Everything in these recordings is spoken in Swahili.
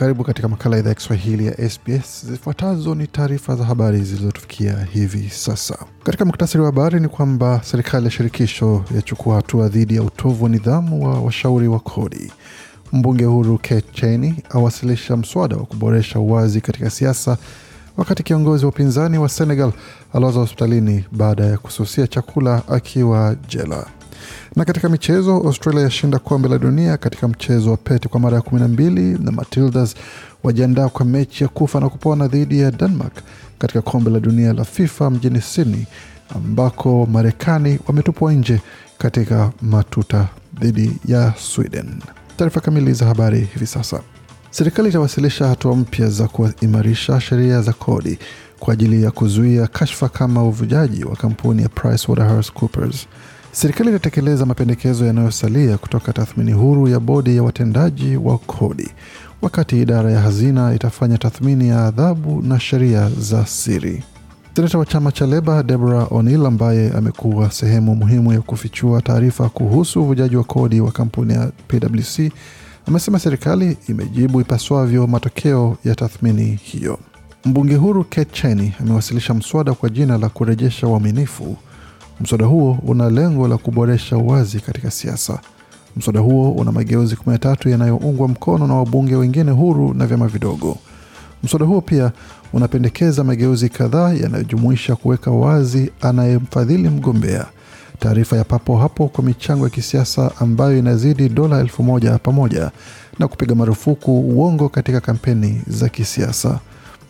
Karibu katika makala ya idhaa ya Kiswahili ya SBS. Zifuatazo ni taarifa za habari zilizotufikia hivi sasa. Katika muktasari wa habari ni kwamba serikali ya shirikisho yachukua hatua dhidi ya utovu wa nidhamu wa washauri wa kodi. Mbunge huru Kate awasilisha mswada wa kuboresha uwazi katika siasa, wakati kiongozi wa upinzani wa Senegal alaza hospitalini baada ya kususia chakula akiwa jela. Na katika michezo, Australia yashinda kombe la dunia katika mchezo wa pete kwa mara ya 12 na Matildas wajiandaa kwa mechi ya kufa na kupona dhidi ya Denmark katika kombe la dunia la FIFA mjini Sydney, ambako Marekani wametupwa nje katika matuta dhidi ya Sweden. Taarifa kamili za habari hivi sasa. Serikali itawasilisha hatua mpya za kuimarisha sheria za kodi kwa ajili ya kuzuia kashfa kama uvujaji wa kampuni ya PricewaterhouseCoopers. Serikali itatekeleza mapendekezo yanayosalia kutoka tathmini huru ya bodi ya watendaji wa kodi, wakati idara ya hazina itafanya tathmini ya adhabu na sheria za siri. Seneta wa chama cha Leba Deborah O'Neill ambaye amekuwa sehemu muhimu ya kufichua taarifa kuhusu uvujaji wa kodi wa kampuni ya PwC amesema serikali imejibu ipaswavyo matokeo ya tathmini hiyo. Mbunge huru Kate Cheney amewasilisha mswada kwa jina la kurejesha uaminifu Mswada huo una lengo la kuboresha uwazi katika siasa. Mswada huo una mageuzi 13 yanayoungwa mkono na wabunge wengine huru na vyama vidogo. Mswada huo pia unapendekeza mageuzi kadhaa yanayojumuisha kuweka wazi anayemfadhili mgombea, taarifa ya papo hapo kwa michango ya kisiasa ambayo inazidi dola elfu moja pamoja na kupiga marufuku uongo katika kampeni za kisiasa.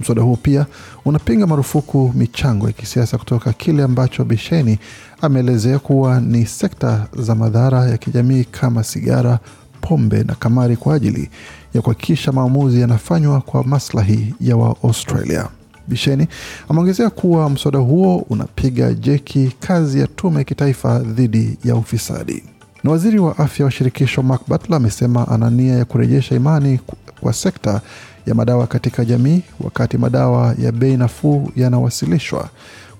Mswada huo pia unapinga marufuku michango ya kisiasa kutoka kile ambacho Bisheni ameelezea kuwa ni sekta za madhara ya kijamii kama sigara, pombe na kamari kwa ajili ya kuhakikisha maamuzi yanafanywa kwa maslahi ya Waaustralia. Bisheni ameongezea kuwa mswada huo unapiga jeki kazi ya tume ya kitaifa dhidi ya ufisadi. Na waziri wa afya wa shirikisho Mark Butler amesema ana nia ya kurejesha imani kwa sekta ya madawa katika jamii, wakati madawa ya bei nafuu yanawasilishwa.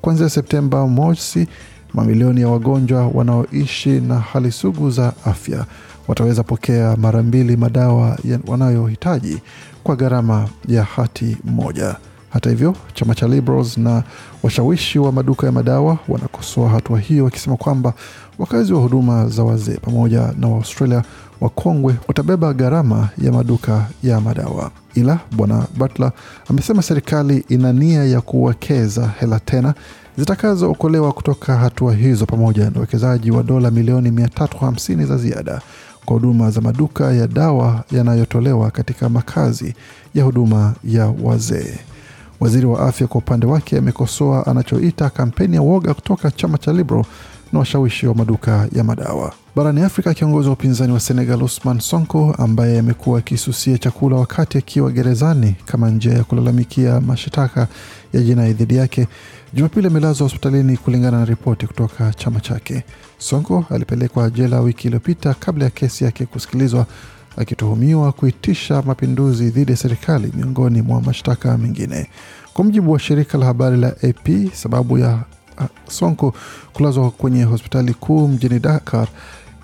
Kuanzia Septemba mosi, mamilioni ya wagonjwa wanaoishi na hali sugu za afya wataweza pokea mara mbili madawa wanayohitaji kwa gharama ya hati moja. Hata hivyo, chama cha Liberals na washawishi wa maduka ya madawa wanakosoa hatua hiyo, wakisema kwamba wakazi wa huduma za wazee pamoja na Waaustralia wakongwe watabeba gharama ya maduka ya madawa. Ila bwana Butler amesema serikali ina nia ya kuwekeza hela tena zitakazookolewa kutoka hatua hizo pamoja na uwekezaji wa dola milioni 350 za ziada kwa huduma za maduka ya dawa yanayotolewa katika makazi ya huduma ya wazee. Waziri wa afya kwa upande wake amekosoa anachoita kampeni ya woga kutoka chama cha Liberal na washawishi wa maduka ya madawa. Barani Afrika, kiongozi wa upinzani wa Senegal Usman Sonko ambaye amekuwa akisusia chakula wakati akiwa gerezani kama njia ya kulalamikia mashtaka ya jinai dhidi yake, Jumapili amelazwa hospitalini kulingana na ripoti kutoka chama chake. Sonko alipelekwa jela wiki iliyopita kabla ya kesi yake kusikilizwa, akituhumiwa kuitisha mapinduzi dhidi ya serikali miongoni mwa mashtaka mengine. Kwa mujibu wa shirika la habari la AP, sababu ya Ah, Sonko kulazwa kwenye hospitali kuu mjini Dakar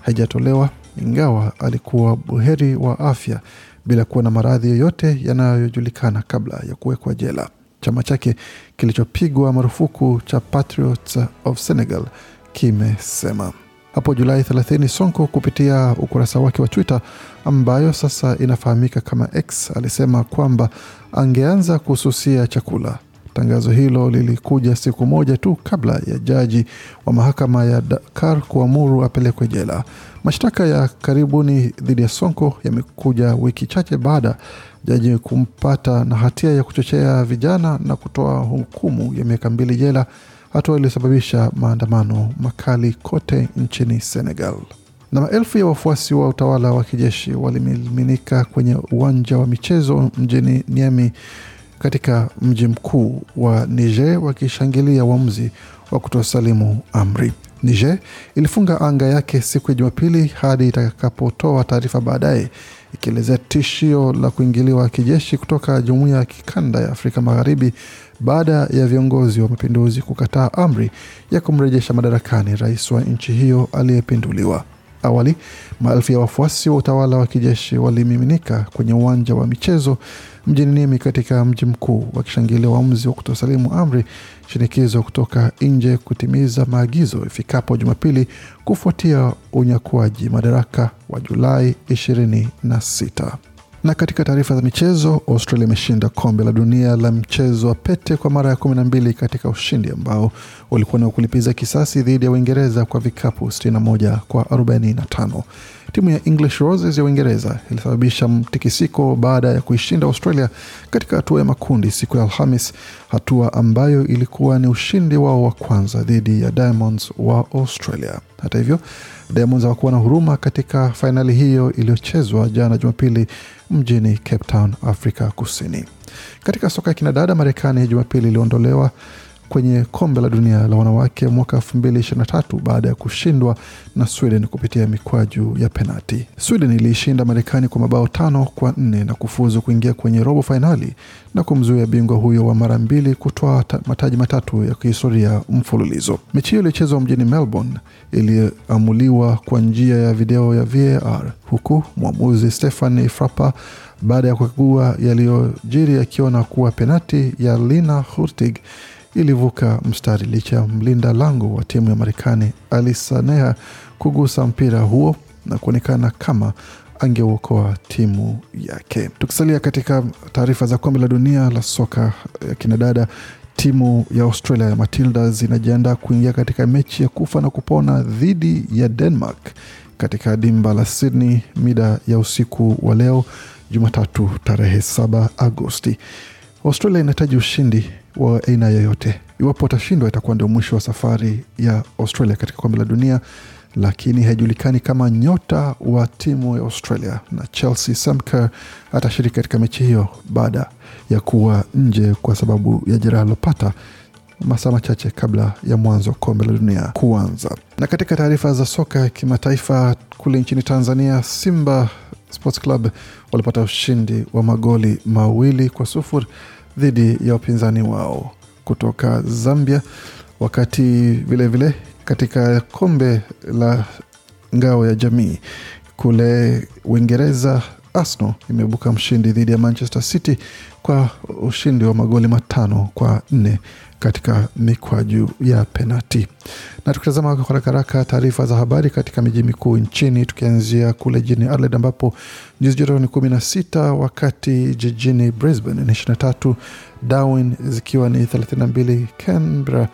haijatolewa ingawa alikuwa buheri wa afya bila kuwa na maradhi yoyote yanayojulikana kabla ya kuwekwa jela. Chama chake kilichopigwa marufuku cha Patriots of Senegal kimesema hapo Julai 30. Sonko kupitia ukurasa wake wa Twitter ambayo sasa inafahamika kama X alisema kwamba angeanza kususia chakula Tangazo hilo lilikuja siku moja tu kabla ya jaji wa mahakama ya Dakar kuamuru apelekwe jela. Mashtaka ya karibuni dhidi ya Sonko yamekuja wiki chache baada jaji kumpata na hatia ya kuchochea vijana na kutoa hukumu ya miaka mbili jela, hatua iliyosababisha maandamano makali kote nchini Senegal. Na maelfu ya wafuasi wa utawala wa kijeshi walimiminika kwenye uwanja wa michezo mjini Niamey katika mji mkuu wa Niger wakishangilia uamuzi wa kutosalimu amri. Niger ilifunga anga yake siku ya Jumapili hadi itakapotoa taarifa baadaye ikielezea tishio la kuingiliwa kijeshi kutoka jumuiya ya kikanda ya Afrika Magharibi baada ya viongozi wa mapinduzi kukataa amri ya kumrejesha madarakani rais wa nchi hiyo aliyepinduliwa awali, maelfu ya wafuasi wa utawala wa kijeshi walimiminika kwenye uwanja wa michezo mjini Nimi katika mji mkuu wakishangilia uamuzi wa kutosalimu amri shinikizo kutoka nje kutimiza maagizo ifikapo Jumapili kufuatia unyakuaji madaraka wa Julai 26. Na katika taarifa za michezo, Australia imeshinda kombe la dunia la mchezo wa pete kwa mara ya 12 katika ushindi ambao walikuwa na kulipiza kisasi dhidi ya Uingereza kwa vikapu 61 kwa 45. Timu ya English Roses ya Uingereza ilisababisha mtikisiko baada ya kuishinda Australia katika hatua ya makundi siku ya Alhamis, hatua ambayo ilikuwa ni ushindi wao wa kwanza dhidi ya Diamonds wa Australia. Hata hivyo, Diamonds hawakuwa na huruma katika fainali hiyo iliyochezwa jana Jumapili mjini Cape Town, Afrika Kusini. Katika soka ya kinadada, Marekani Jumapili iliondolewa kwenye kombe la dunia la wanawake mwaka 2023 baada ya kushindwa na Sweden kupitia mikwaju ya penati. Sweden iliishinda Marekani kwa mabao tano kwa nne na kufuzu kuingia kwenye robo fainali na kumzuia bingwa huyo wa mara mbili kutoa mataji matatu ya kihistoria mfululizo. Mechi hiyo iliyochezwa mjini Melbourne iliamuliwa kwa njia ya video ya VAR huku mwamuzi Stephanie Frappa baada ya kukagua yaliyojiri akiona kuwa penati ya Lina Hurtig ilivuka mstari licha mlinda lango wa timu ya Marekani alisaneha kugusa mpira huo na kuonekana kama angeuokoa timu yake. Tukisalia katika taarifa za kombe la dunia la soka ya eh, kinadada, timu ya Australia ya Matildas inajiandaa kuingia katika mechi ya kufa na kupona dhidi ya Denmark katika dimba la Sydney mida ya usiku wa leo Jumatatu tarehe 7 Agosti. Australia inahitaji ushindi wa aina yoyote. Iwapo watashindwa, itakuwa ndio mwisho wa safari ya Australia katika kombe la dunia, lakini haijulikani kama nyota wa timu ya Australia na Chelsea Samker atashiriki katika mechi hiyo baada ya kuwa nje kwa sababu ya jeraha alilopata masaa machache kabla ya mwanzo wa kombe la dunia kuanza. Na katika taarifa za soka ya kimataifa kule nchini Tanzania, Simba Sports Club walipata ushindi wa magoli mawili kwa sufuri dhidi ya wapinzani wao kutoka Zambia, wakati vilevile vile katika kombe la ngao ya jamii kule Uingereza Arsenal imeibuka mshindi dhidi ya Manchester City kwa ushindi wa magoli matano kwa nne katika mikwaju ya penati. Na tukitazama kwa haraka haraka taarifa za habari katika miji mikuu nchini, tukianzia kule jijini Adelaide ambapo nyuzi joto ni sita wakati jijini Brisbane ni 23, Darwin zikiwa ni 32, Canberra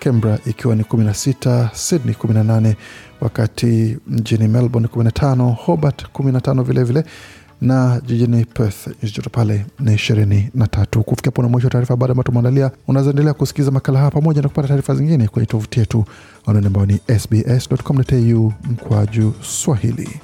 Canberra ikiwa ni 16, Sydney 18, wakati mjini Melbourne 15, Hobart 15 vilevile vile, na jijini Perth joto pale ni ishirini na tatu. Kufikia pona mwisho wa taarifa habari ambayo tumeandalia. Unazoendelea kusikiliza makala haya pamoja na kupata taarifa zingine kwenye tovuti yetu anaoni ambayo ni sbs.com.au mkwaju Swahili.